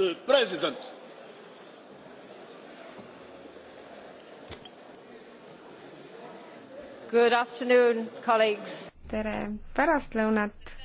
the president. Good afternoon, colleagues. tere pärastlõunat,